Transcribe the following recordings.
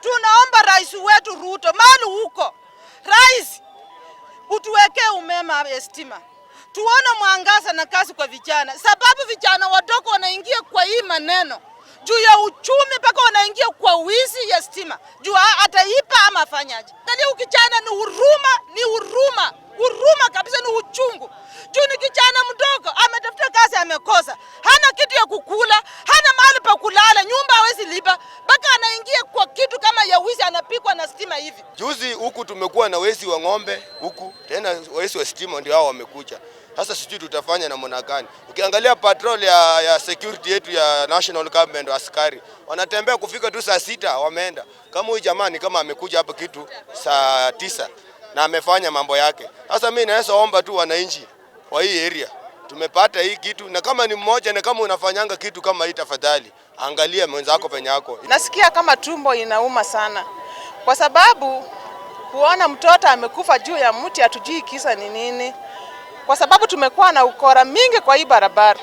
Tunaomba rais wetu Ruto mali huko, rais, utuwekee umeme ya stima tuone mwangaza na kazi kwa vijana, sababu vijana wadogo wanaingia kwa hii maneno juu ya uchumi, mpaka wanaingia kwa wizi ya stima, juu ataipa ama afanyaje? Angalia ukijana, ni huruma, ni huruma, huruma kabisa, ni uchungu juu ni kijana mdogo. hivi. Juzi huku tumekuwa na wezi wa ng'ombe huku, tena wezi wa stima ndio hao wamekuja. Sasa sijui tutafanya namna gani. Ukiangalia patrol ya, ya security yetu ya national government askari wanatembea kufika tu saa sita wameenda. Kama huyu jamani kama amekuja hapa kitu saa tisa na amefanya mambo yake. Sasa mimi naweza omba tu wananchi wa hii area tumepata hii kitu, na kama ni mmoja, na kama unafanyanga kitu kama hii, tafadhali angalia mwenzako penyako Nasikia kama tumbo inauma sana kwa sababu kuona mtoto amekufa juu ya mti hatujui kisa ni nini, kwa sababu tumekuwa na ukora mingi kwa hii barabara.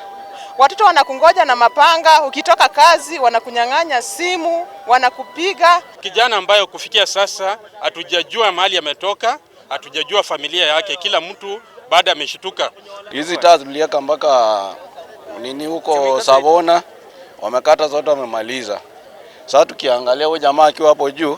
Watoto wanakungoja na mapanga, ukitoka kazi wanakunyang'anya simu, wanakupiga. Kijana ambayo kufikia sasa hatujajua mahali ametoka, hatujajua familia yake, kila mtu baada ameshituka. Hizi taa ziliweka mpaka nini huko Savona, wamekata zote, wamemaliza. Sasa tukiangalia huyo jamaa akiwa hapo juu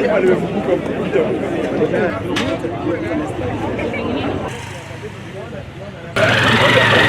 Nani pale amevuka kompyuta? Tunaona tunaona